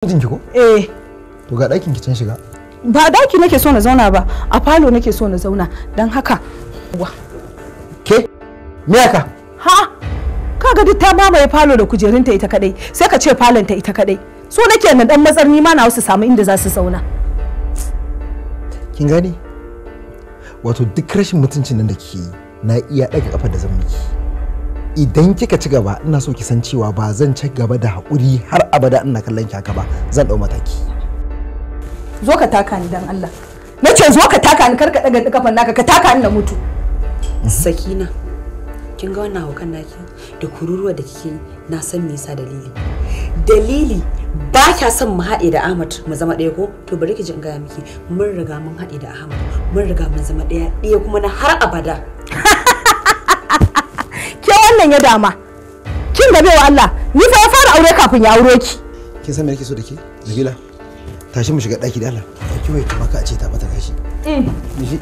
mijinki ko? Eh. To ga ɗakin ki can shiga. Ba ɗaki nake so na zauna ba, a falo nake so na zauna, don haka. Wa. Ke? Me haka? Ha? Kaga duk ta mamaye falo da kujerinta ita kadai, sai ka ce ta ita kadai. So nake na dan matsar ni ma na wasu samu inda za su zauna. Kin gane? Wato duk rashin mutuncin nan da kike yi, na iya ɗaga kafar da zan miki. idan kika ci gaba ina so ki san cewa ba zan ci gaba da haƙuri har abada ina kallon ki haka ba zan ɗau mataki zo ka taka ni dan Allah na ce zo ka taka ni kar ka daga kafan naka ka taka ni na mutu sakina kin ga wannan haukan naki da kururuwa da kike na san me yasa dalili dalili ba kya son mu haɗe da Ahmad mu zama ɗaya ko to bari ki ji in gaya miki mun riga mun haɗe da Ahmad mun riga mun zama ɗaya ɗaya kuma na har abada wannan ya dama kin bai wa Allah ni fa ya fara aure kafin ya aure ki kin san me nake so da ke Nabila tashi mu shiga daki da Allah ki wai kuma ka ce ta bata gashi mm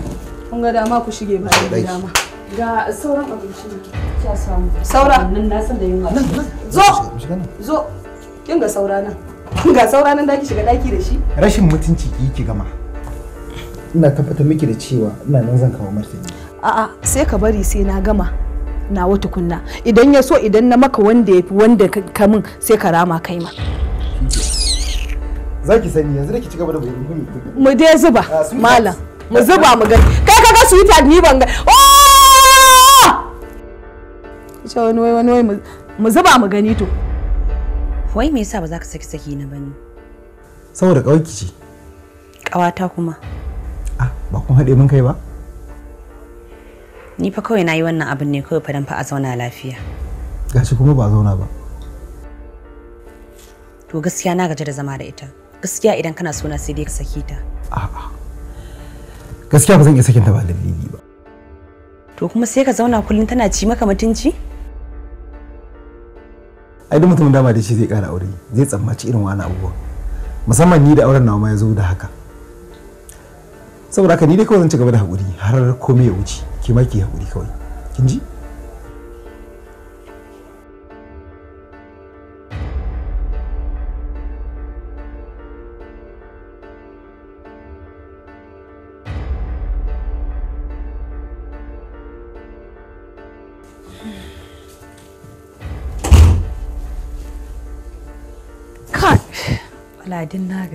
kun ga dama ku shige ba da dama ga sauran abinci ne kya samu saura nan na san da yunwa zo zo kin ga saura nan ga saura nan da ki shiga daki da shi rashin mutunci ki ki gama ina tabbata miki da cewa ina nan zan kawo martani a'a sai ka bari sai na gama na wata kunna idan ya so idan na maka wanda ya fi wanda ka min sai ka rama kai ma za ki sani yanzu da ki ci gaba da bayani mu dai zuba ah, malam mu zuba mu gani kai ka su sweetheart ni ban ga oh! ita wani wai wani wai mu zuba mu gani to wai me yasa ba za ka saki saki na bane saboda kawai ki ce kawata kuma ah ba kun haɗe mun kai ba ni fa kawai nayi wannan abin ne kawai fadan fa a zauna lafiya gashi kuma ba zauna ba to gaskiya na gaji da zama da ita gaskiya idan kana so na sai dai ka saki ta a'a gaskiya ba zan iya sakin ta ba dalili ba to kuma sai ka zauna kullun tana ci maka mutunci ai duk mutumin dama da shi zai kara aure zai tsammaci irin wani abubuwa musamman ni da auren nawa ma ya zo da haka saboda haka ni dai kawai zan ci gaba da haƙuri har komai ya wuce ki ma ki haƙuri kawai kin ji na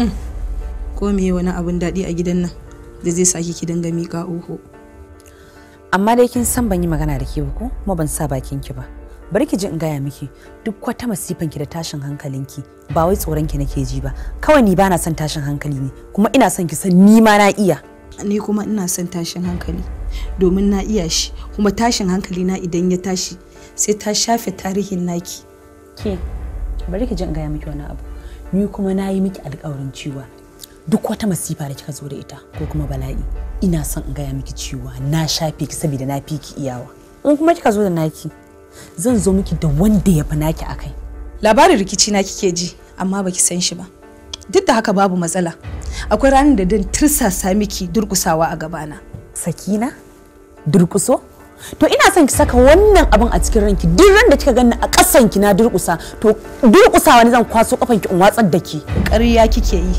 mm. ko me wani abun daɗi a gidan nan da zai saki ki dinga miƙa oho amma dai kin san ban yi magana da ke ba ko kuma ban sa bakin ki ba bari ki ji in gaya miki duk wata masifan ki da tashin ki ba wai tsoron ki nake ji ba kawai ni ba na son tashin hankali ne kuma ina son ki san ni ma na iya ni kuma ina son tashin hankali domin na iya shi kuma tashin hankali na idan ya tashi sai ta shafe tarihin naki ke bari ki ji in gaya miki wani abu ni kuma na yi miki alƙawarin cewa duk wata masifa da kika zo da ita ko kuma bala'i ina son in gaya miki cewa na shafe ki saboda na fi ki iyawa in kuma kika zo da naki zan zo miki da wanda ya fi naki akai labarin rikici na kike ji amma baki san shi ba duk da haka babu matsala akwai ranar da dan tirsasa miki durkusawa a gabana sakina durkuso to ina son ki saka wannan abin a cikin ranki duk ran da kika ganni a kasan ki na durkusa to durkusawa ne zan kwaso kafan ki in watsar da ki ƙarya kike yi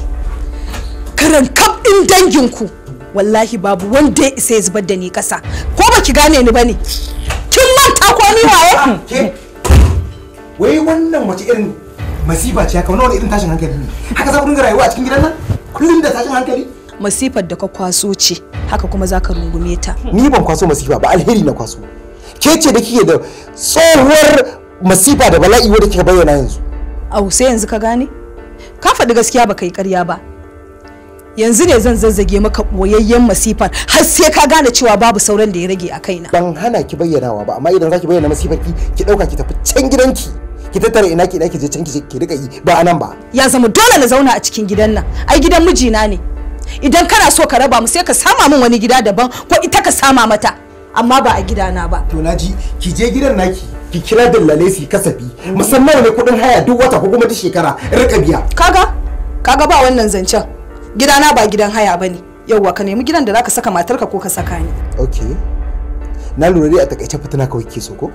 karan kaf dangin danginku wallahi babu wanda ya isa ya zubar da ni kasa. ko baki gane ni bane kin manta ko ni waye ah, wai wannan wace irin masifa ce haka wani irin tashin hankali ne haka za ku dinga rayuwa a cikin gidan nan kullum da tashin hankali masifar da ka kwaso ce haka kuma za ka rungume ta ni ban kwaso masifa ba alheri na kwaso ke ce da kike da tsohuwar masifa da bala'i wadda kika bayyana yanzu au sai yanzu ka gane ka faɗi gaskiya ba yi ƙarya ba yanzu ne zan zazzage maka boyayyen masifar har sai ka gane cewa babu sauran da ya rage a kaina ban hana ki bayyanawa ba amma idan zaki bayyana masifar ki ki dauka ki tafi can gidanki ki tattara ina ki ki je can ki ki rika yi ba anan ba ya zama dole na zauna a cikin gidan nan ai gidan mijina ne idan kana so ka raba mu sai ka sama min wani gida daban ko ita ka sama mata amma ba a gidana ba to naji ki je gidan naki ki kira dallale su kasafi musamman ne kudin haya duk wata ko kuma duk shekara rika biya kaga kaga ba wannan zancen gidana ba gidan haya ne yauwa ka nemi gidan da zaka saka matarka ko ka saka ni okay na lura dai a takaice fitina kawai ke so ko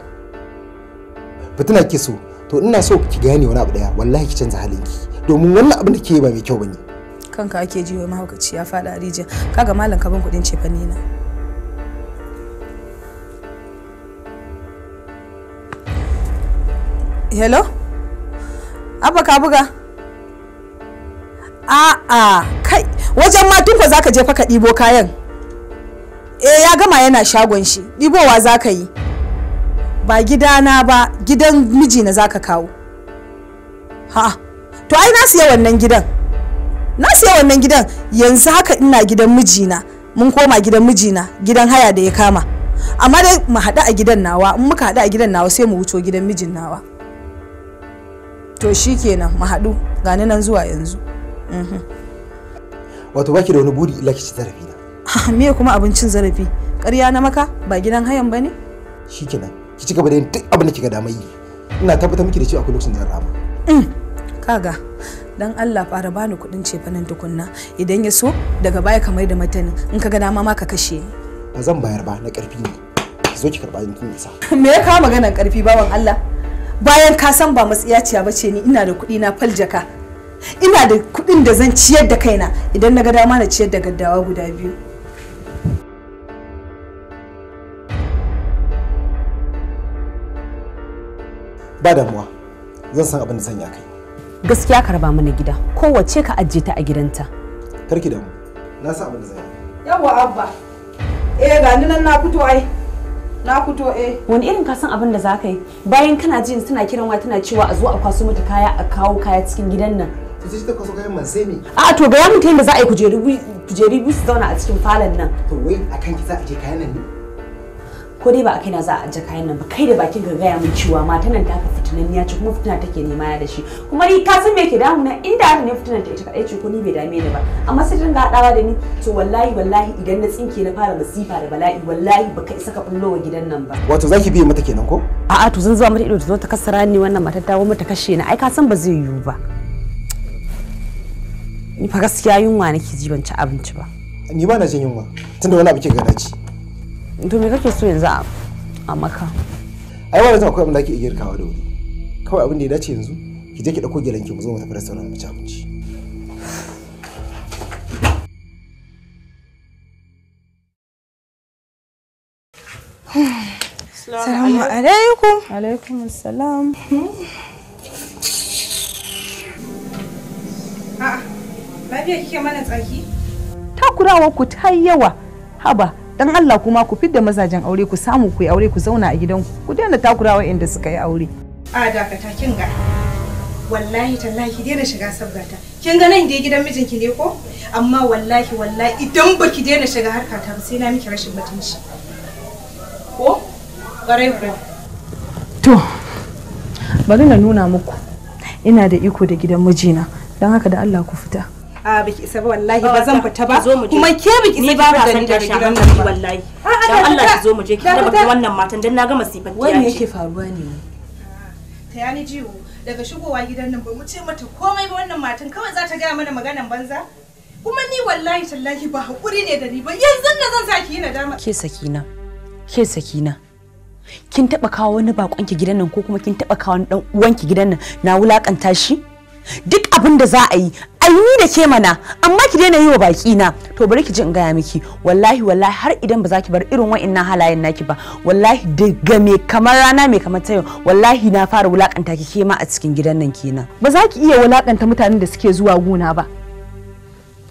fitina ke so to ina so ki gane wani abu daya wallahi ki canza ki domin wannan abin da ke ba mai kyau bane kanka ake jiwa mahaukaci ya fada rijiya kaga malam ka ban kudin cefane na hello abba ka buga a'a kai wajen ma tun za zaka je fa ka ɗibo kayan E ya gama yana shagon shi ɗibowa ka yi ba gidana ba gidan mijina zaka kawo ha to ai na siya wannan gidan na siya wannan gidan yanzu haka ina gidan mijina mun koma gidan mijina gidan haya da ya kama amma dai mu haɗu a gidan nawa in muka haɗu a gidan nawa sai mu wuce gidan mijin nawa to shikenan mu haɗu gani nan zuwa yanzu Mhm. wato baki da wani buri illa kici zarafi na me kuma abincin zarafi ƙarya na maka ba gidan hayan bane shikenan ki ci gaba da yin duk abin da kika damar yi ina tabbatar miki da cewa akwai lokacin da zan rama mm. kaga dan Allah fara bani kuɗin cefanen tukunna idan ya so daga baya kamar da matani in ka ga dama ma ka kashe ni ba zan bayar ba na ƙarfi ne ki zo ki karɓa yankin sa me ya kawo maganar ƙarfi bawan Allah bayan ka san ba matsiyaciya bace ni ina da kuɗi na faljaka ina da kuɗin da zan ciyar da kaina idan na ga dama na ciyar da gaddawa guda biyu ba damuwa zan san abin da sanya kai gaskiya ka raba mana gida kowace ka ajiye ta a gidanta karki damu na san abin da zan yi yawa abba eh ga ni nan na fito ai na fito eh wani irin ka san abin da za ka yi bayan kana jin suna kiran wa tana cewa a zo a kwaso mata kaya a kawo kaya cikin gidan nan je ta kwaso kayan masu mi a to ga yamin ta yadda za a yi kujeri biyu su zauna a cikin falon nan to wai kan ki za a je kayan nan ne ko dai ba a kaina za a aje kayan nan ba kai da bakin ga gaya min cewa matan nan ta ka fitinan ya ci kuma fitina take nema ya da shi kuma ni ka san me ke damu na inda aka ne fitinan ta ita kadai ce ko ni bai dame ni ba amma sai dinga hadawa da ni to wallahi wallahi idan na tsinke na fara masifa da bala'i wallahi baka isa ka bullo wa gidan nan ba wato zaki biye mata kenan ko a'a to zan zuwa mata ido ta zo ta kassara ni wannan matar ta mata kashe ni ai ka san ba zai yiwu ba ni fa gaskiya yunwa nake ji ban ci abinci ba ni ba na jin yunwa tunda wani abu ke gana to me kake so yanzu a maka ai wani zan akwai abin da ke iya girkawa da wuri kawai abin da ya dace yanzu ki je ki dauko gelan ki mu zo mu tafi restaurant mu ci abinci Assalamu alaikum. Alaikum assalam. Hmm? Ah, Lafiya kike mana tsaki? Takurawar ku ta yawa. Haba, dan Allah kuma ku fidda mazajen aure ku samu ku yi aure ku zauna a gidanku. Ku daina takurawa inda suka yi aure. A dakata kin ga. Wallahi tallahi ki daina shiga sabgata. Kin ga nan dai gidan mijinki ne ko? Amma wallahi wallahi idan baki daina shiga harkata ba sai na miki rashin mutunci. Ko? ku. To, bari na nuna muku. Ina da iko da gidan mijina. Don haka da Allah ku fita. a biki isa ba wallahi ba zan fita ba kuma ke biki isa ba san da gidan nan wallahi dan Allah ki zo mu je ki raba wannan matan dan na ga masifan ki wai me yake faruwa ne ta yani jiwo daga shigowa gidan nan ba mu ce mata komai ba wannan matan kawai za ta gaya mana maganan banza kuma ni wallahi tallahi ba hakuri ne da ni ba yanzu na zan saki yi nadama ke sakina ke sakina kin taba kawo wani bakon ki gidan nan ko kuma kin taba kawo wani dan uwan ki gidan nan na wulakanta shi duk abin da za a yi aini da ke mana amma ki daina yi wa baki na to bari ki ji in gaya miki wallahi wallahi har idan ba za ki bar irin wa'annan halayen naki ba wallahi daga me kamar rana me kamar tayo wallahi na fara wulakanta ki ke ma a cikin gidan nan kenan ba za ki iya wulakanta mutanen da suke zuwa gona ba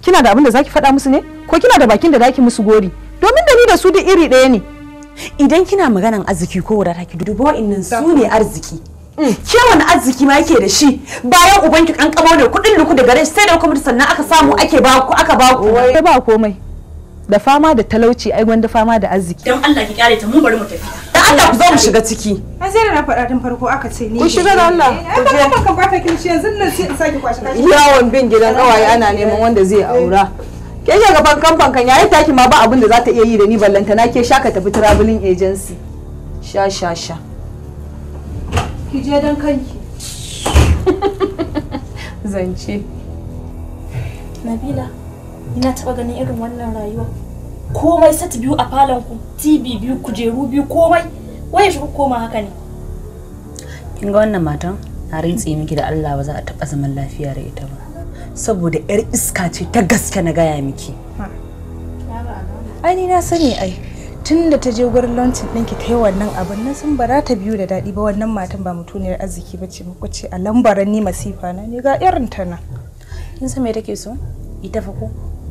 kina da abin da za ki faɗa musu ne ko kina da bakin da za ki musu gori domin da ni da su da iri ɗaya ne idan kina maganan arziki ko wadata ki dubo wa'annan su ne arziki ke wani arziki ma yake da shi bayan ubanki kan kamo da kudin luku da rai sai da kuma sannan aka samu ake ba ku aka ba ku wai ba komai da fama da talauci ai gwanda fama da arziki dan Allah ki kyale ta mu bari mu tafi dan Allah ku zo mu shiga ciki ai sai da na faɗa tun farko aka ce ni ku shiga da Allah eh, ai ba kan kan bata shi yanzu nan sai in saki kwashi kashi yawon bin gidan kawai ana neman wanda zai aura ke shiga kamfan kan yayi taki ma ba abin da za ta iya yi da ni ballantana ke shaka tafi traveling agency sha sha sha ki je don kanki zance nabila ina taɓa ganin irin wannan rayuwa komai set biyu a falon ku tv biyu kujeru biyu komai waye shi koma haka ne kin ga wannan matan na rintse miki da Allah ba za a taɓa zaman lafiya da ita ba saboda yar iska ce ta gaske na gaya miki ai ni na sani ai tun da ta je gurin launching ɗinki ta yi wannan abin na sun bara ta biyu da daɗi ba wannan matan ba mutuniyar arziki ba ce muku ce a lambaran ni masifa na ne ga irin ta na. in sa me take so ita fa ko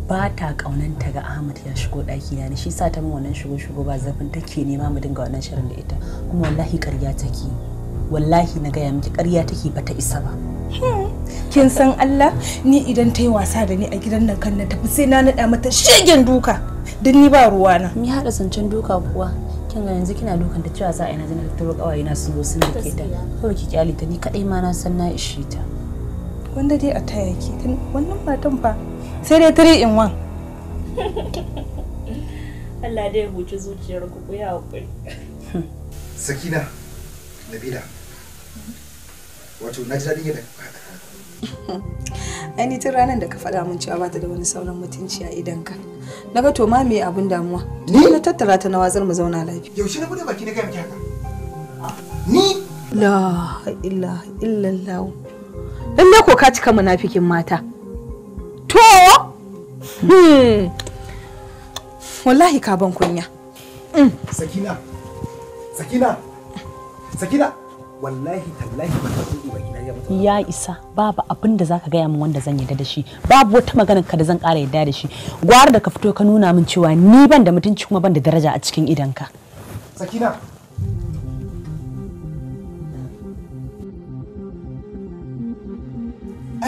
ba ta ƙaunanta ga Ahmad ya shigo ɗaki na shi sa ta min wannan shigo shigo ba zafin take nema mu dinga wannan shirin da ita kuma wallahi ƙarya take wallahi na gaya miki ƙarya take ba ta isa ba. Hmm. kin san Allah ni idan ta yi wasa da ni a gidan nan kan na tafi sai na naɗa mata shegen duka don ni ba ruwa na. Mi haɗa zancen duka kuwa kin ga yanzu kina dukan da cewa za a yi na zanen tattaro ƙawaye na sun zo sun ke ta kawai ki kyale ta ni kaɗai ma na san na ishe ta. Wanda dai a taya ta, wannan matan fa sai dai three in wan. Allah dai huce zuciyar ku ku ya hakuri. Sakina, Nabila, wato na ji daɗin yadda Ani tun ranar da ka faɗa mun cewa ba ta da wani sauran mutunci a ka, Na ga to ma me abin damuwa. Ni na tattara ta na watsar mu zauna lafiya. Yaushe na bude baki na gaya miki haka? Ni la ilaha illallah. Lallai ko ka cika munafikin mata. To hmm. wallahi ka ban kunya. Sakina. Sakina. Sakina. wallahi tallahi ba ta tudu ba ya isa babu abin da zaka gaya min wanda zan yarda da shi babu wata magana ka da zan ƙara yarda da shi gwara da ka fito ka nuna min cewa ni ban da mutunci kuma ban da daraja a cikin idanka sakina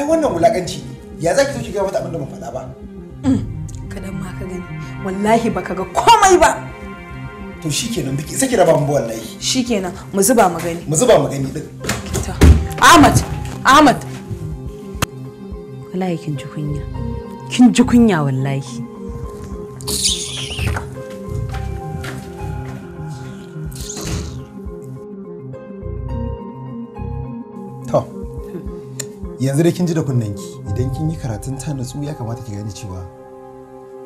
ai wannan wulakanci ya zaki so ki ga mata abin da ban faɗa ba mm, kadan ma ka gani wallahi baka ga komai ba to shikenan biki saki raba mu wallahi shikenan mu zuba mu gani mu zuba mu gani din Ahmad Ahmad wallahi kin ji kunya kin ji kunya wallahi to yanzu da kin ji da kunnanki idan kin yi karatun ta natsu ya kamata ki gane cewa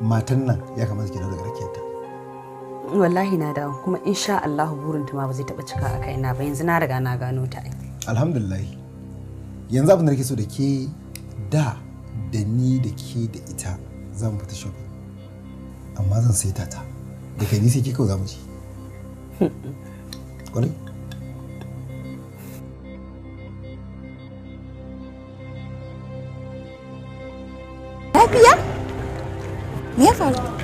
matan nan ya kamata ki da daga rakiyarta wallahi na dawo kuma insha allahu burin ta ma ba zai taba cika a kaina ba yanzu na riga na gano ta ai alhamdulillah yanzu abin da nake so da ke da da ni da ke da ita zan fita shopping amma zan sai ta ta da kai ni sai ke kawai za mu ci kwarai lafiya me ya faru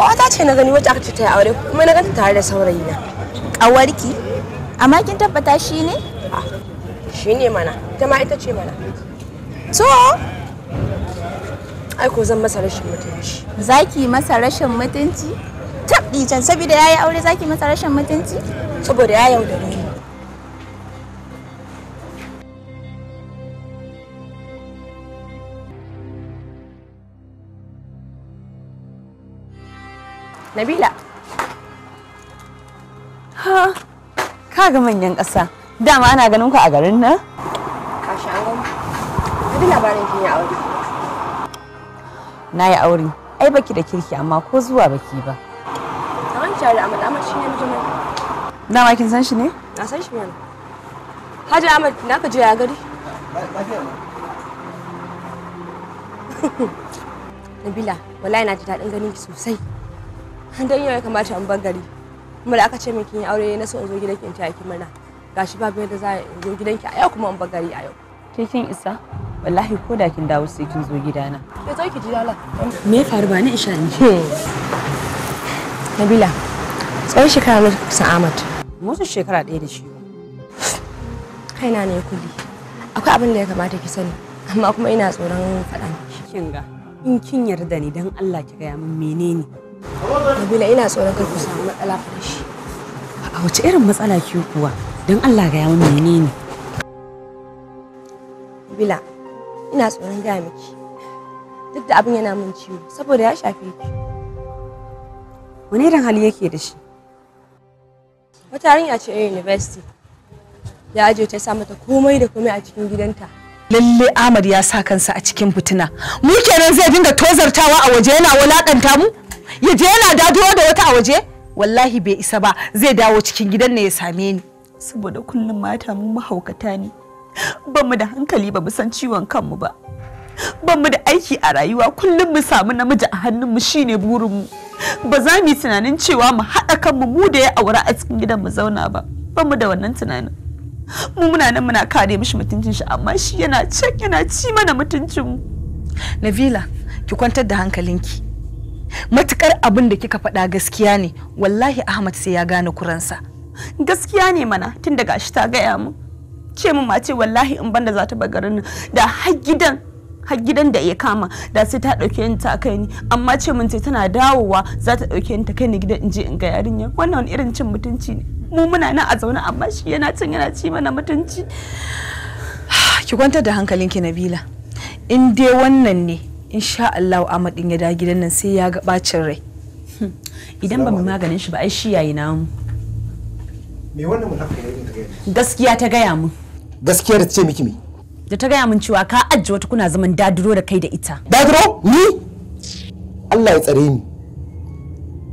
kwata ce na gani wacce aka ce ta yi aure kuma na ganta tare da saurayi na ƙawarki amma kin tabbata shi ne shi ne mana ita ma ita ce mana so ai ko zan masa rashin mutunci zaki masa rashin mutunci tabbicin can saboda yayi aure zaki masa rashin mutunci saboda ya yaudare Nabila. Ha, ka ga manyan ƙasa. Dama ana ganin ku a garin nan? Ka sha an Ka labarin kin ya aure. Na yi aure. Ai baki da kirki amma ko zuwa baki ba. An ki amma Ahmad Ahmad shine mijin Dama kin san shi ne? Na san shi mana. Haji Ahmad na ka je ya gari? Nabila, wallahi na ji daɗin ganin ki sosai. don yau ya kamata in bar gari kuma da aka ce min kin yi aure na so in zo gidanki in taya ki murna gashi babu yadda za a zo gidanki a yau kuma in bar gari a yau ke kin isa wallahi ko da kin dawo sai kin zo gidana ke zo ki ji dala me ya faru ba ni isha ni hmm. Nabila tsawon shekara na kusa Ahmad musu shekara ɗaya da shi kaina ne kuli akwai abin da ya kamata ki sani amma kuma ina tsoron faɗa kin ga in kin yarda ni dan Allah ki gaya min menene Nabila ina tsoron kar ku samu matsala fa da shi. A wace irin matsala ki kuwa? Don Allah ga yawan menene? Nabila ina tsoron gaya miki. Duk da abin yana min ciwo saboda ya shafe ki. Wani irin hali yake da shi? Wata hanya ce a university. Ya aje ta sa mata komai da komai a cikin gidanta. Lalle Ahmad ya sa kansa a cikin fitina. Mu kenan zai dinga tozartawa a waje yana walakanta mu? ya je yana daduwa da wata a waje wallahi bai isa ba zai dawo cikin gidan ne ya same ni saboda kullum mata mu mahaukata ne ban mu da hankali ba mu san ciwon kanmu ba ban mu da aiki a rayuwa kullum mu samu namiji a hannun mu shine burin mu ba za mu yi tunanin cewa mu haɗa kanmu mu da ya aura a cikin gidan mu zauna ba ban mu da wannan tunanin mu muna nan muna kare mishi mutuncin shi amma shi yana can yana ci mana mutuncin mu Nabila ki kwantar da hankalinki matukar abin da kika faɗa gaskiya ne wallahi ahmad sai ya gane kuransa gaskiya ne mana tun daga shi ta gaya mu ce mu mace wallahi in banda za ta bagarin da har gidan har gidan da ya kama da sai ta dauke ni ta kai ni amma ce mun sai tana dawowa za ta dauke ni ta kai ni gidan in je in ga yarinya wannan irin cin mutunci ne mu muna nan a zaune amma shi yana cin yana ci mana mutunci ki kwantar da hankalinki Nabila in dai wannan ne insha Allah Ahmad din ya da gidan nan sai ya ga bacin rai hmm. idan ba mu maganin shi ba ai shi yayi namu me wannan haka yayin ta gaya gaskiya ta gaya mu gaskiya da ce miki me da ta gaya mun cewa ka ajje wata kuna zaman daduro da kai da ita Daduro? ni Allah ya tsare ni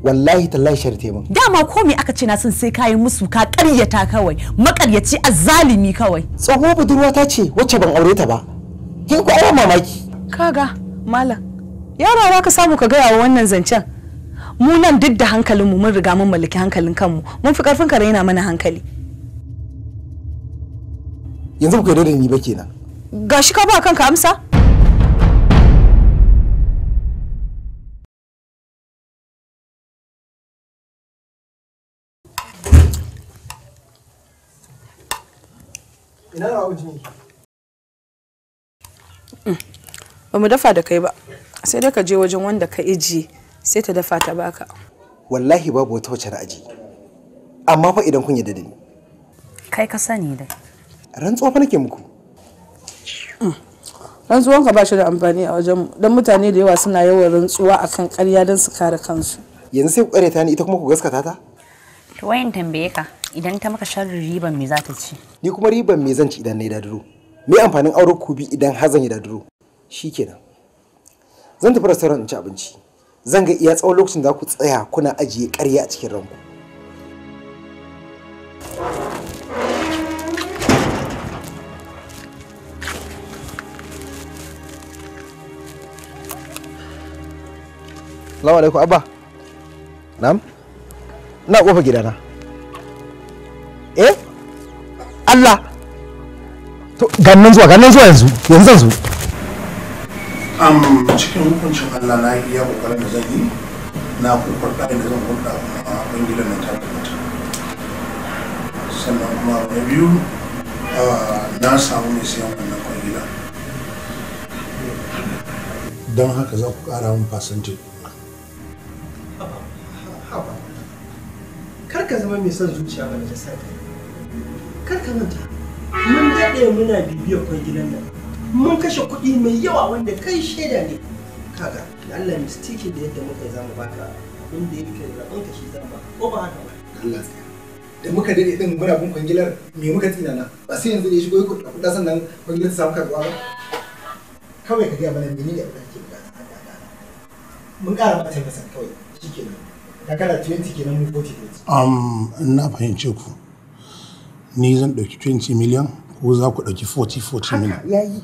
wallahi tallahi sharite mun dama ko me aka ce na son sai kayan musu ka karyata kawai makaryaci azzalimi kawai tsoho budurwa ta ce wacce ban aure ta ba kin ko mamaki kaga malam yara za ka samu ka gaya wa wannan zancen mu nan duk da hankalinmu mun riga mun mallaki hankalin kanmu mun fi karfin ka raina mana hankali yanzu ku da ni ba kenan gashi ka ba kanka amsa ina na ba mu dafa da kai ba sai dai ka je wajen wanda ka ijiye sai ta dafa ta baka wallahi babu wata wacce na aji amma fa idan kun yi da ni kai ka sani dai rantsuwa fa nake muku mm. rantsuwan ka ba shi da amfani a wajen dan mutane da yawa suna yawan rantsuwa akan ƙarya don su kare kansu yanzu sai ku ƙare ta ni ita kuma ku gaskata ta to wayan tambaye ka idan ta maka sharri riban me za ta ci ni kuma riban me zan ci idan na yi daduro me amfanin auren ku bi idan hazan yi daduro Shi kenan, zan tafi restaurant in ci abinci zan ga iya tsawon lokacin da ku tsaya kuna ajiye ƙarya a cikin ranku Salamu alaikum abba. Na'am? Na kofa gidana. Eh? Allah. To gannan zuwa gannan zuwa yanzu. Yanzu am cikin hukuncin allah na iya kokarin da zan yi na kokar ɗayan da zan hulɗa a ɓangaren na ta da sannan kuma na biyu na samu mai siyan wannan kwangila don haka za ku ƙara min fasantin kar ka zama mai son zuciya ba da ta kar ka manta mun daɗe muna bibiyar kwangilan nan mun kashe kuɗi mai yawa wanda kai shaida ne kaga da Allah mistikin da yadda muka yi zamu baka abin da yake zaɓen ka shi zan ba ko ba haka ba Allah ya da muka dade din muna bin kwangilar me muka tsina na ba sai yanzu da ya shigo ya kuɗa sannan kwangilar ta samu karɓuwa ba kawai ka ga bana mini abin da kake bukata mun ba mata masa kawai shikenan da kana 20 kenan mu 40 um na fahimce ku ni zan ɗauki 20 miliyan ko za ku ɗauki 40 40 miliyan yayi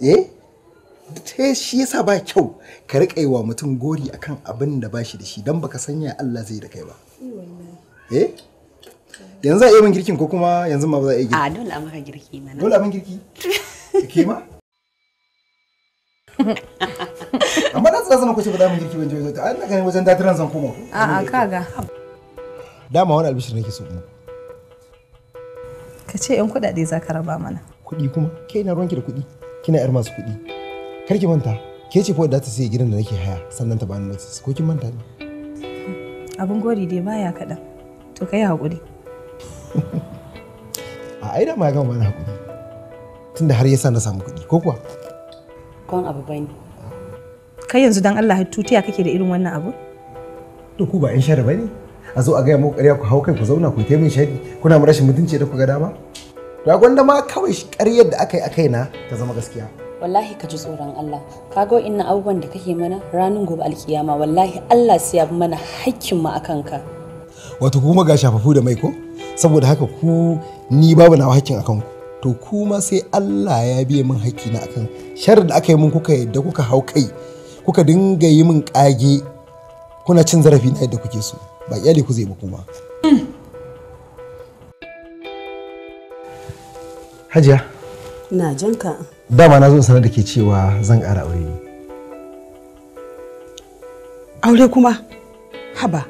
eh ta shi yasa ba kyau ka riƙa yi wa mutum gori akan abin da ba shi da shi don baka sanya Allah zai da kai ba eh yanzu a iya min girkin ko kuma yanzu ma ba za a iya girki a dole a maka girki mana dole a min girki ke ma amma na tsasa ko ce ba za mu girki ban je ta an ga wajen datiran zan koma a'a kaga dama wani albishir nake so mu ka ce yan kuɗaɗe za ka raba mana kuɗi kuma ke ina ruwanki da kuɗi kina yar masu kuɗi kar ki manta ke ce fa da ta sai gidan da nake haya sannan ta bani notis ko kin manta ne abin gori dai baya kaɗan to kai haƙuri a aida ma ya gama bani haƙuri tunda har yasa na samu kuɗi ko kuwa kon abu bane kai yanzu dan Allah tutiya kake da irin wannan abu to ku ba in share bane a zo a gaya muku ƙarya ku hau kai ku zauna ku taimin shaidi kuna mu rashin mutunci da ku ga dama to gwanda ma kawai ƙaryar da aka yi a kaina ta zama gaskiya wallahi ka ji tsoron Allah ka ga inna abubuwan da kake mana ranar gobe alkiyama wallahi Allah sai ya mana hakkin mu akan ka wato kuma ga shafafu da mai ko saboda haka ku ni babu nawa hakkin akan ku to kuma sai Allah ya biye min hakki na akan sharar da aka yi min kuka yadda kuka hau kai kuka dinga yi min kage kuna cin zarafi na yadda kuke so ba iyali ku zai ba kuma hmm. hajiya ina jin ka dama na zo sanar da ke cewa zan ƙara aure ne aure kuma haba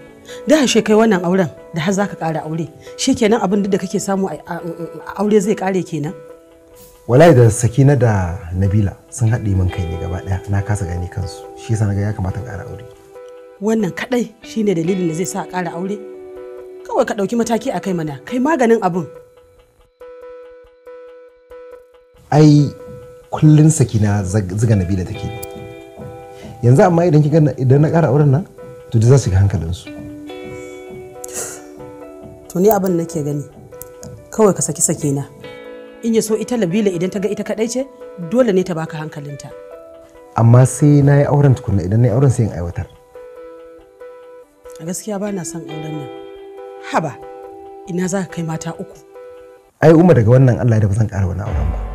da hashe kai wannan auren da har zaka ƙara aure shi kenan abin da kake samu a aure zai ƙare kenan wallahi da sakina da nabila sun haɗe min kai ne gaba ɗaya na kasa gane kansu shi yasa naga ya kamata ƙara aure wannan kadai shine dalilin da zai sa ƙara aure kawai ka ɗauki mataki a kai mana kai maganin abin ai kullun sakina ziga nabila take yanzu amma idan kika idan na kara auren nan to za su ga su to ni abin nake gani kawai ka saki na. in ya so ita labila idan ta ga ita kadai ce dole ne ta baka hankalinta amma sai na yi auren tukunna idan na yi auren sai in aiwatar a gaskiya ba na son auren nan haba ina za ka kai mata uku ai umar daga wannan allah da ba zan ƙara wani auren ba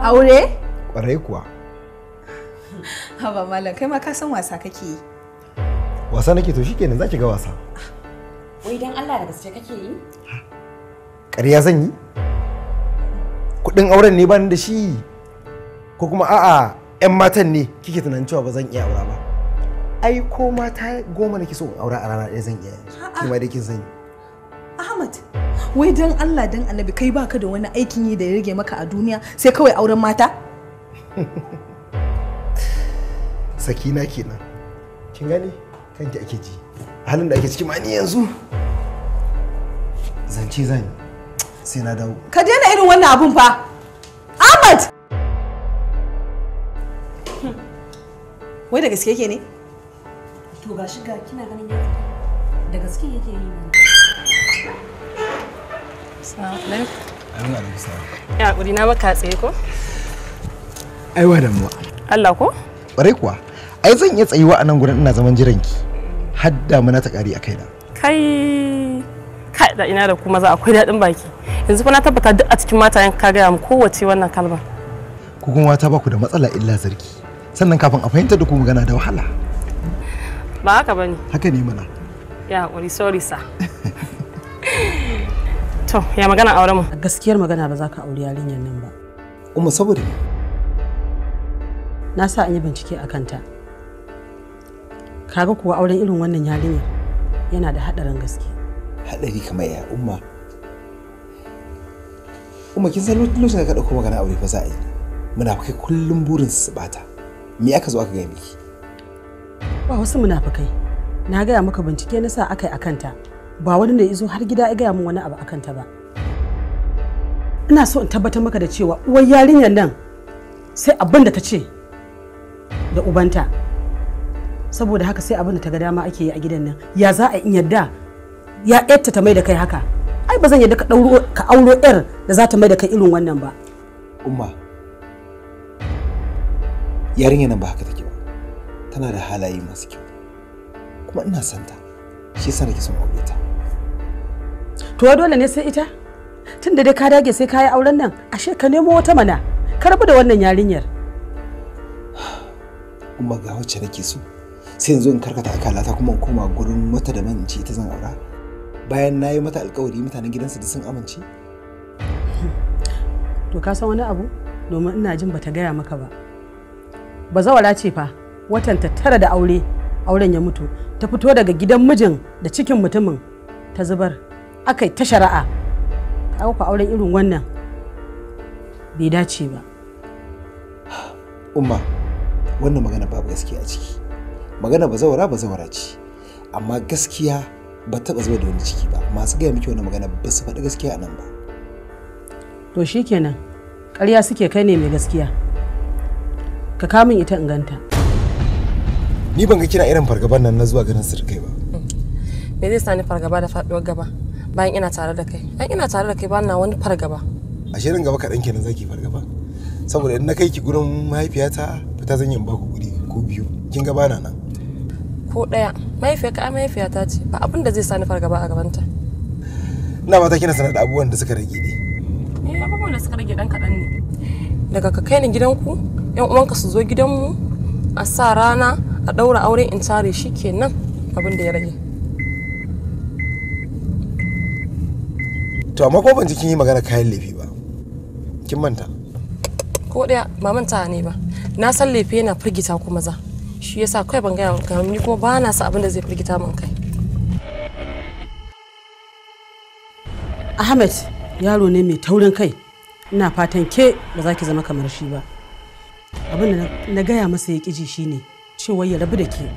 Aure? kwarai kuwa. Haba malam kai ma ka san wasa kake yi. Wasa nake to shikenan za ki ga wasa. Wai dan Allah da gaske kake yi? Ƙarya zan yi? Kuɗin auren ne bani da shi ko kuma a'a 'yan matan ne kike tunanin cewa ba zan iya aura ba. Ai ko mata goma nake so in aura a rana ɗaya zan iya yanzu. Kuma dai kin sani. Ahmad. wai dan Allah dan annabi kai baka da wani aikin yi da ya rage maka a duniya sai kawai auren mata sakina kenan kin gane kanki ake ji halin da ake ciki ma ni yanzu zance zan sai na dawo ka daina irin wannan abun fa Ahmad wai da gaske yake ne to gashi ga kina ganin da gaske yake yi ne Ya haƙuri na tsaye ko? damuwa. Allah ko? Ƙwarai kuwa. Ai zan iya tsayuwa a nan gurin ina zaman jiranki. Har mana ta ƙari a kaina. Kai kai da ina da kuma za akwai daɗin baki. Yanzu fa na tabbata duk a cikin matayen ka gaya mu kowace wannan kalma. Ku kuma ta baku da matsala illa zargi. Sannan kafin a fahimta da ku magana da wahala. Ba haka bane. Haka ne mana. Ya haƙuri sorry sir. To, ya magana auren mu? Gaskiyar magana ba za ka auri yarinyar nan ba. Umma saboda me? Na sa an yi bincike a kanta. Kaga kuwa auren irin wannan yarinyar yana da hadarin gaske. Hadari kamar ya umma. Umma kin san lokacin da ka dauko magana aure fa za a yi. kai kullum burin su bata. Me aka zo aka gaya miki? Ba wasu munafukai. Na gaya maka bincike na sa aka yi a kanta. ba wani ne izo har gida ya gaya min wani abu akan ta ba ina so in tabbatar maka da cewa uwar yarinyar nan sai abin da ta ce da ubanta saboda haka sai abin da ta ga dama ake yi a gidan nan ya za a in yadda ya yarta ta mai da kai haka ai ba zan yadda ka dauro ka auro yar da za ta mai da kai irin wannan ba umma yarinyar nan ba haka take ba tana da halaye masu kyau kuma ina santa shi yasa nake son aure ta to dole ne sai ita tun da dai ka dage sai ka yi auren nan ashe ka nemo wata mana ka da wannan yarinyar kuma ga wacce nake so sai yanzu in karkata akalata kuma in koma gurin mata da manci ta zan aura bayan na yi mata alkawari mutanen gidansa da sun amince to ka san wani abu domin ina jin bata gaya maka ba bazawara ce fa watan ta tara da aure auren ya mutu ta fito daga gidan mijin da cikin mutumin ta zubar aka yi ta shari'a ku auren irin wannan bai dace ba umma wannan magana babu gaskiya a ciki magana ba zawara ba zawara ce amma gaskiya ba taɓa zuwa da wani ciki ba masu gaya miki wannan magana ba su faɗi gaskiya a nan ba to shikenan ƙarya suke kai ne mai gaskiya ka kamun ita in ganta ni ban ga kina irin fargaban nan na zuwa ganin sirkai ba me zai sani fargaba da faɗuwar gaba bayan ina tare da kai dan ina tare da kai ba na wani fargaba ashe nan gaba kaɗan kenan zaki fargaba saboda in na kai ki gurin mahaifiyata fita zan yi in baku guri ko biyu kin ga bana nan ko ɗaya mahaifiyar ka mahaifiyata ce ba abin da zai sani fargaba a gabanta ina ta kina sanar da abubuwan da suka rage ne eh abubuwan da suka rage dan kaɗan ne daga ka kai ni gidanku yan uwanka su zo gidanmu a sa rana a ɗaura aure in tare shi kenan abin da ya rage to amma ko ban ji kin yi magana kayan lefi ba kin manta ko daya ba manta ne ba na san lefe yana firgita ku maza shi yasa kai ban gaya maka ni kuma ba na sa abin da zai firgita min kai Ahmed yaro ne mai taurin kai ina fatan ke ba za ki zama kamar shi ba abin da na gaya masa ya kiji shine cewa ya rabu da ke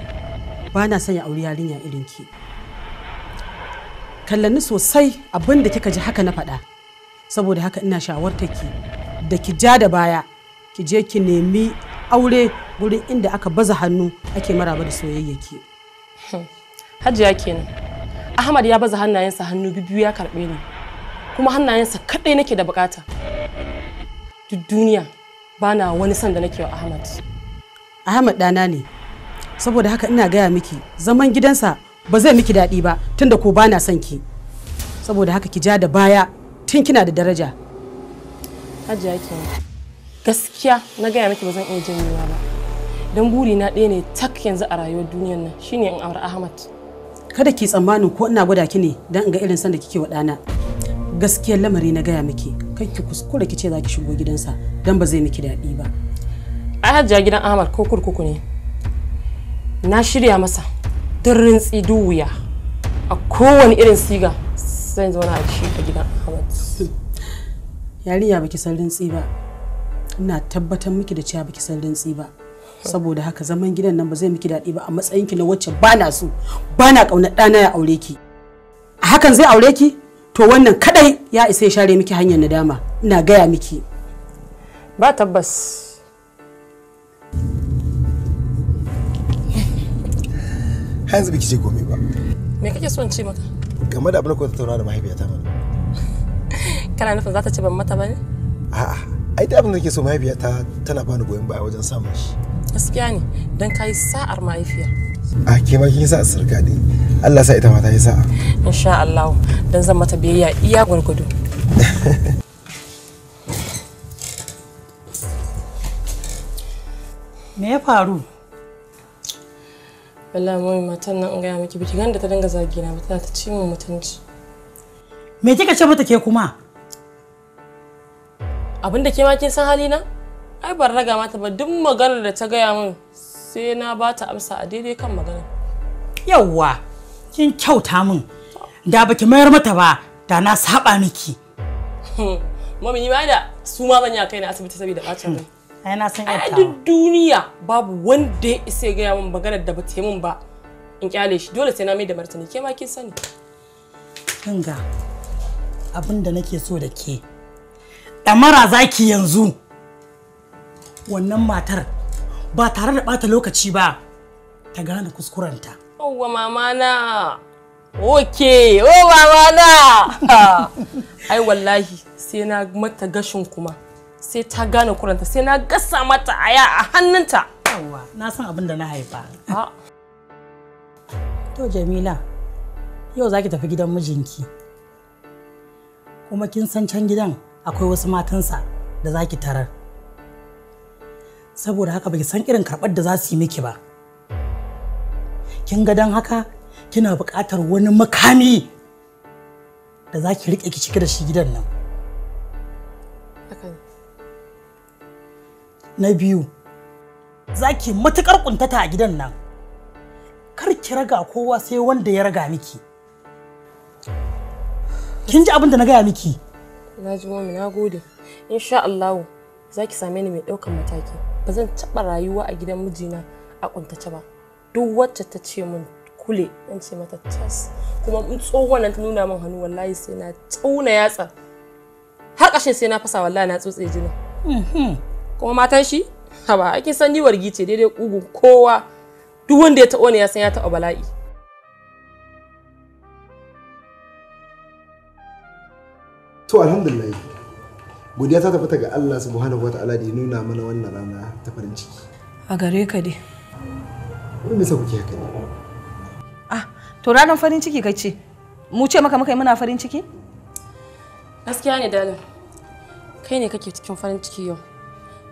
ba na son ya auri yarinya irin ki kallani sosai abin da kika ji haka na faɗa saboda haka ina shawartar ki da ki ja da baya ki je ki nemi aure gurin inda aka baza hannu ake maraba da soyayya ke hmm. hajiya kenan ahmad ya baza hannayensa hannu biyu ya karɓe ni kuma hannayensa kaɗai nake da bukata duk duniya bana wani son da nake wa ahmad ahmad ɗana ne saboda haka ina gaya miki zaman gidansa ba zai miki daɗi ba tunda ko bana son ki saboda haka ki ja da baya tun kina da daraja hajiya ke gaskiya na gaya miki ba zan iya janyewa ba don buri na ɗaya ne tak yanzu a rayuwar duniyar nan shine in aure ahmad kada ki tsammanin ko ina gwada ki ne don in ga irin san da kike wa ɗana gaskiyar lamari na gaya miki kai ki kuskure ki ce za ki shigo gidansa don ba zai miki daɗi ba Ai hajjiya gidan ahmad ko kurkuku ne na shirya masa turin wuya a kowane irin siga zan zauna a shi a gidan Ahmad. Yariya baki san rintsi ba. Ina tabbatar miki da cewa baki san rintsi ba. Saboda haka zaman gidan nan ba zai miki daɗi ba a matsayin ki na wacce ba na so ba na kauna ɗana ya aure ki. A hakan zai aure ki? To wannan kadai ya isa ya share miki hanyar nadama. Ina gaya miki. Ba tabbas. har yanzu biki ce komai ba me kake son ce maka game da abin da ta tauna da mahaifiyata mana kana nufin za ta ce ban mata ba ne a'a ai da abin da nake so mahaifiyata tana bani goyon baya wajen samun shi gaskiya ne dan ka yi sa'ar mahaifiya a ke ma kin sa'a sarka ne Allah sa ita ma ta yi sa'a insha Allah dan zan mata biyayya iya gurgudu me ya faru wallahi mami matan nan an gaya miki biki ganda ta dinga zagi na tana ta ci min mutunci me kika ce mata ke kuma abinda ke ma kin san halina ai ban raga mata ba duk maganar da ta gaya min sai na ba ta amsa a daidai kan magana yawwa kin kyauta min da baki mayar mata ba da na saba miki mami ni ma da su ma zan ya kai na asibiti saboda bacin rai ai na san yadda duk duniya babu wanda ya isa ya gaya min maganar da bata yi min ba in kyale shi dole sai na mai da martani ke ma kin sani kinga abin da nake so da ke ɗamara zaki yanzu wannan matar ba tare da bata lokaci ba ta gane kuskurenta. Yawwa mama na! Oke, oh mama na! Ai wallahi sai na mata gashin kuma. sai ta gane kuranta sai na gasa mata aya a hannunta yawa na san abin da na haifa to jamila yau zaki tafi gidan mijinki kuma kin san can gidan akwai wasu matansa da zaki tarar saboda haka baki san irin karɓar da za su yi miki ba kin ga don haka kina buƙatar wani makami da zaki ki riƙe ki cike da shi gidan nan na biyu za ki matuƙar ƙuntata a gidan nan kar ki raga kowa sai wanda ya raga miki kin ji abin da na gaya miki na ji mami na gode insha Allah za ki same ni mai ɗaukan mataki ba zan taɓa rayuwa a gidan mijina a ƙuntace ba duk wacce ta ce min kule zan ce mata tas kuma in tsohon nan ta nuna min hannu wallahi sai na tsauna yatsa har ƙashin sai na fasa wallahi na tsotse jinin mhm. kuma matan shi haba ake san ni wargi ce daidai kugu kowa duk wanda ya taɓo ne ya san ya taɓa bala'i to alhamdulillah godiya ta ta ga Allah subhanahu wata'ala da ya nuna mana wannan rana ta farin ciki a gare ka dai wani yasa kuke haka ne ah to ranar farin ciki ka ce, mu ce maka muka yi muna farin ciki gaskiya ne dalin kai ne kake cikin farin ciki yau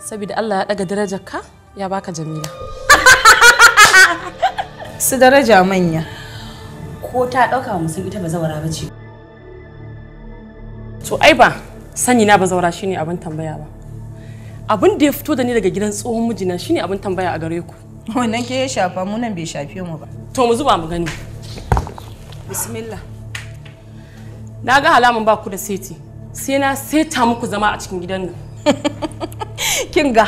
saboda Allah ya daga darajar ka ya baka Jamila su daraja manya ko ta dauka musu ita ba zawara ba ce to ai ba sani na ba zawara shine abin tambaya ba abin da ya fito da ni daga gidan tsohon mijina shine abin tambaya a gare ku wannan ke ya shafa mu nan bai shafe mu ba to mu zuba mu gani bismillah na ga halaman ba ku da seti sai na seta muku zama a cikin gidan nan kin ga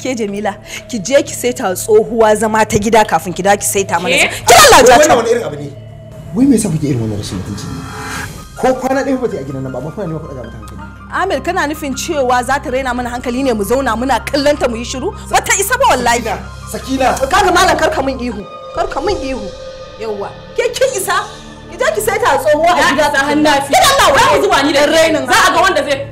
ke Jamila ki je ki saita tsohuwa zama ta gida kafin ki da ki saita mana ki lalace ta wannan wani irin abu ne wai me yasa kuke irin wannan rashin mutunci ne ko kwana ɗaya ba ta a gidan nan ba amma kuna neman daga mata hankali. Amir kana nufin cewa za ta raina mana hankali ne mu zauna muna kallanta mu yi shiru wata isa ba wallahi sakina kaga malam karka mun ihu karka mun ihu yawa ke kin isa ki je ki saita tsohuwa a gida ta hannafi kina Allah wai zuwa ni da rainin za a ga wanda zai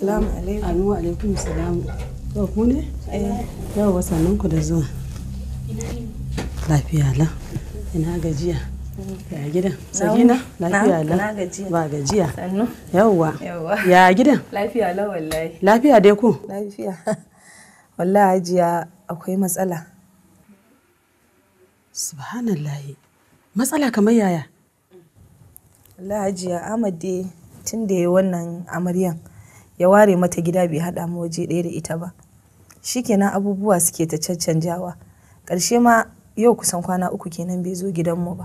Salamu alaikum. alaikum ku ne? Eh, yau ku da zuwa. Lafiya la. Ina gajiya. Mm. Ya gidan. Lafiya la. Na gajiya. Ba gajiya. Sannu. Yawwa. Yawwa. Ya gidan. Lafiya la wallahi. Lafiya dai ku? Lafiya. Wallahi akwai matsala. Subhanallahi. Matsala kamar yaya? Wallahi Ahmad dai tun da ya wannan amaryan. ya ware mata gida bai hada mu waje ɗaya da ita ba shikenan abubuwa suke ta caccanjawa ƙarshe ma yau kusan kwana uku kenan bai zo gidanmu ba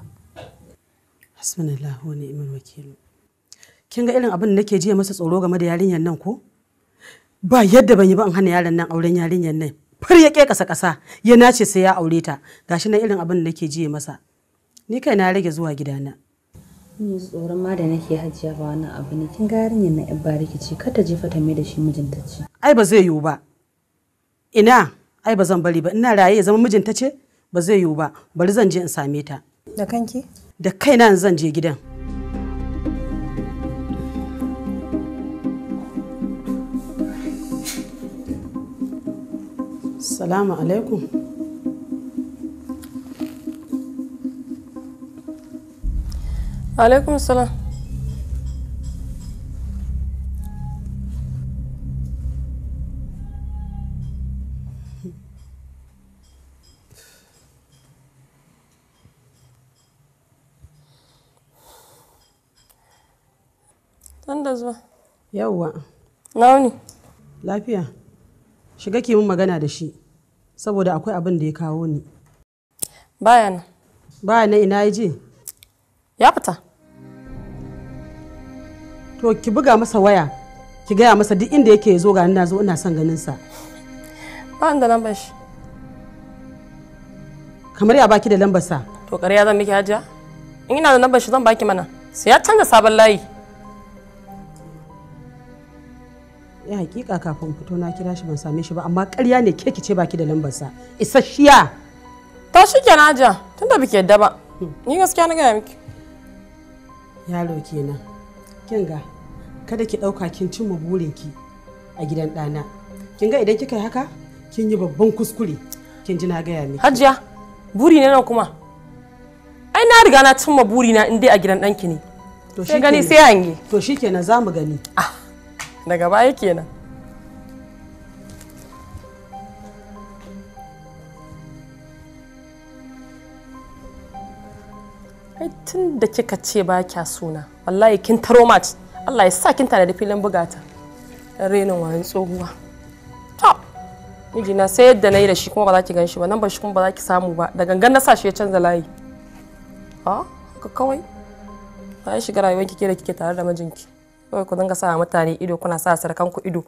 hasbunallah wa ni'mal wakil kin ga irin abin da nake jiya masa tsoro game da yarinyar nan ko ba yadda ban yi ba in hana yaron nan auren yarinyar nan far ya ke kasa kasa ya nace sai ya aure ta gashi nan irin abin da nake jiya masa ni kai na rage zuwa gidana Ni tsoron ma da nake hajiya ba wani abu ne kin ga yarinyar na yan bariki ce kada jefa ta mai da shi mijinta ce. Ai ba zai yiwu ba. Ina ai ba zan bari ba ina raye ya zama mijinta ce ba zai yiwu ba bari zan je in same ta. Da kanki? Da kaina zan je gidan. Salamu alaikum. alaikum salam da zuwa yawwa nauni lafiya shiga ke mun magana da shi saboda akwai abin da ya kawo ni baya nan ina ya je ya fita to ki buga masa waya ki gaya masa duk inda yake zo ga ina zo ina son ganin sa ba an da lambar shi kamar ya baki da lambar sa to ƙarya zan miki hajiya in ina da lambar shi zan baki mana sai ya canza sabon layi ya eh, hakika kafin fito na kira shi ban same shi ba amma ƙarya ne ke ce baki da lambar sa isasshiya to na tun tunda biki yadda ba ni gaskiya na gaya miki yaro kenan kin ga kada ki ɗauka kin cimma burinki a gidan ɗana kin ga idan kika yi haka kin yi babban kuskure kin ji na gaya miki hajiya buri ne nan kuma ai na riga na cimma buri na in dai a gidan ɗanki ne to shi gani sai yi to shi kenan za mu gani ah daga baya kenan tun da kika ce ba kya suna wallahi kin taro mace Allah ya sa kin tare da filin bugata dan renin wayan tsohuwa to mijina sai yadda na yi da shi kuma ba za ki gan shi ba nan ba shi kuma ba za ki samu ba da gangan na sa shi ya canza layi a ka kawai bayan shiga rayuwar kike da kike tare da mijinki kawai ku dinga sa mutane ido kuna sa sarkan ku ido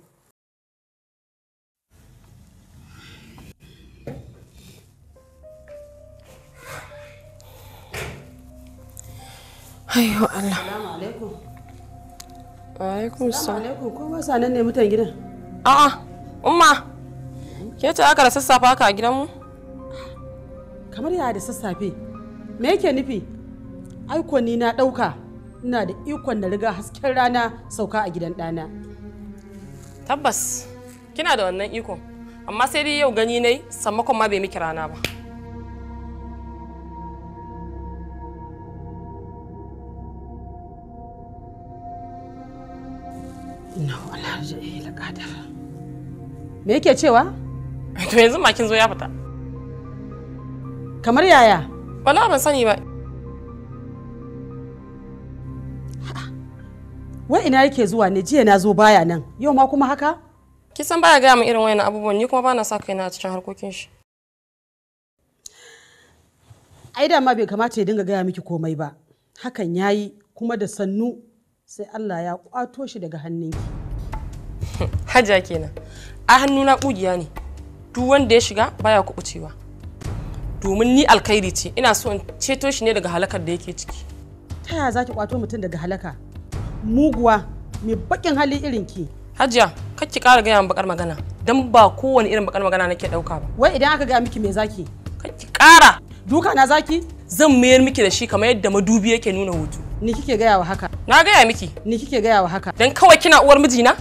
Ayyo Allah. Assalamu alaikum. Alaikum salam. Alaikum ko ba ne mutan gidan? A'a, umma. Ke ce aka da sassafe haka a mu. Kamar ya da sassafe. Me yake nufi? Aiko ni na ɗauka ina da ikon da riga hasken rana sauka a gidan ɗana. Tabbas, kina da wannan iko Amma sai dai yau gani nai sammakon ma bai miki rana ba. me yake cewa to yanzu ma zo ya fita kamar yaya wala ban sani ba wa ina yake zuwa ne jiya na zo baya nan yau ma kuma haka kisan baya gaya min irin wayan abubuwan ni kuma bana sa na a cikin harkokin shi ai da ma bai kamata ya dinga gaya miki komai ba hakan yayi kuma da sannu sai Allah ya kwato shi daga hannunki hajja kenan a hannuna kugiya ne duk wanda ya shiga baya kubucewa domin ni alkhairi ce ina so in ceto shi ne daga halakar da yake ciki ta yaya zaki kwato mutum daga halaka muguwa mai bakin hali irin ki hajiya kar ki kara gaya min bakar magana dan ba kowane irin bakar magana nake dauka ba wai idan aka ga miki me zaki kar ki kara duka na zaki zan mayar miki da shi kamar yadda madubi yake nuna hoto ni kike gaya wa haka na gaya miki ni kike gaya wa haka dan kawai kina uwar mijina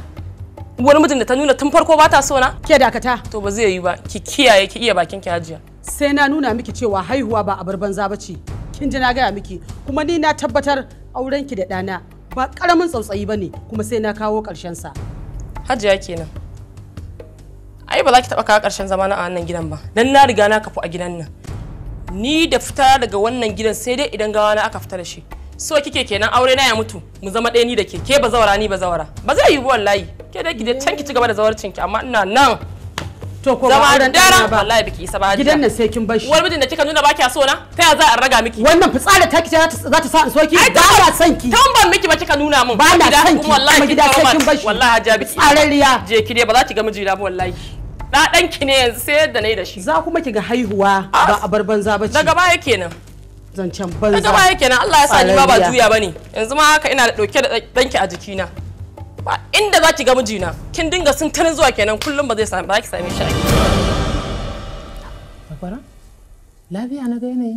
wani mutum da ta nuna tun farko ba ta so na ke dakata to ba zai yi ba ki kiyaye ki iya bakin ki hajiya sai na nuna miki cewa haihuwa ba abar banza ba ce kin ji na gaya miki kuma ni na tabbatar aurenki da dana ba ƙaramin tsautsayi ba ne kuma sai na kawo sa. hajiya kenan ai ba za ki taɓa kawo ƙarshen zamana a wannan gidan ba dan na riga na kafu a gidan nan ni da fita daga wannan gidan sai dai idan gawa na aka fita da shi so kike kenan aure na ya mutu mu zama ɗaya ni da ke ke ba zawara ni ba zawara ba zai yi wallahi ke dai gidan eh. can ki ci gaba da zawarcin ki amma ina nan to ko ba da dara wallahi biki isa ba gidan nan sai kin bar shi wani mijin da kika nuna ba kiya so na ta ya za a raga miki wannan fitsara ta kice za ta sa in soki ba na san ki tan ban miki ba kika nuna min ba na san ki wallahi gida sai kin bar shi wallahi hajabi tsarariya je ki dai ba za ki ga miji ba wallahi da danki ne yanzu sai yadda nayi da shi za kuma ki ga haihuwa ba a bar banza ba ce daga baya kenan zancen banza daga baya kenan Allah ya sa ni ba ba juya bane yanzu ma haka ina da dauke da danki a jikina ba inda za ki ga mijina kin dinga sun tarin zuwa kenan kullum ba zai sami ba ki same shi a lafiya na ga yanayin